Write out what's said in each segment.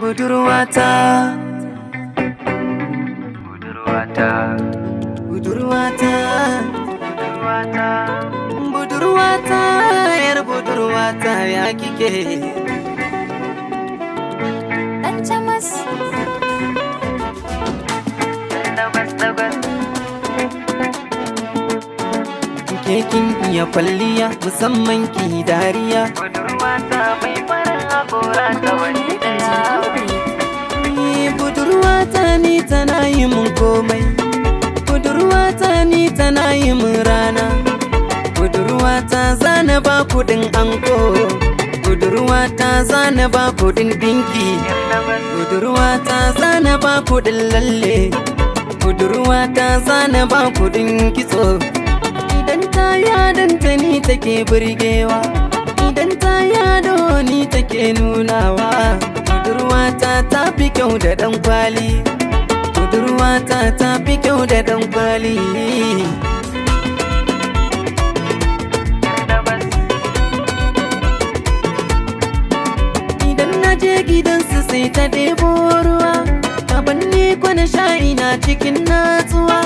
budurwata budurwata budurwata budurwata budurwata yar budurwata ya kike dan chamas dagwas kekin iya kwalliya musamman ki dariya budurwata mai farin hakora ta wani yi rana Kudurwa ta zana ba kudin anko Kudurwa ta zana ba kudin binki Kudurwa ta zana ba kudin lalle Kudurwa ta zana ba kudin kitso idan ta yadanta ni take burgewa idan ta yado ni take nunawa Kudurwa ta tafi kyau da dan kwali Kudurwa ta tafi kyau da dan kwali gidansu sai ta debo ruwa Abanni kwana sha'i na cikin natsuwa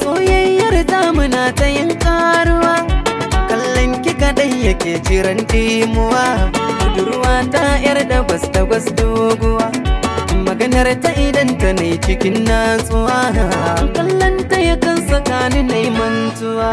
Soyayyar tamu na ta yin karuwa Kallon ki kadai yake jiran timuwa Budurwa ta yar da gwasta gwas doguwa Maganar ta idan ta ne cikin natsuwa Kallon ta yakan sakani na mantuwa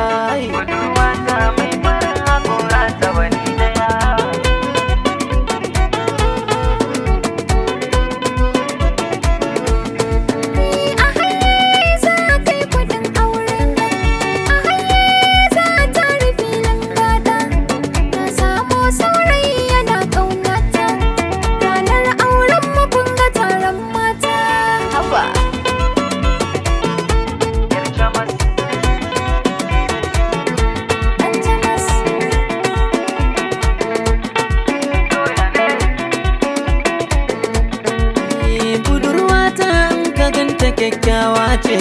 kyakkyawa ce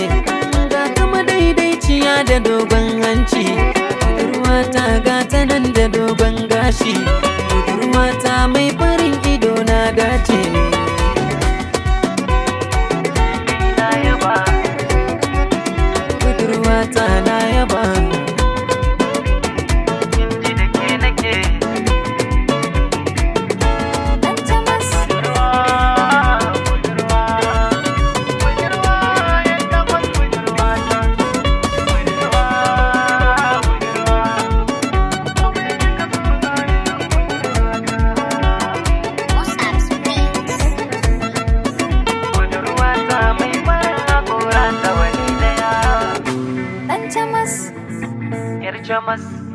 ga ta madaidaiciya da dogon hanci budurwa ta gata nan da dogon gashi budurwa ta mai farin ido na dace Budurwata ta na yaba pijamas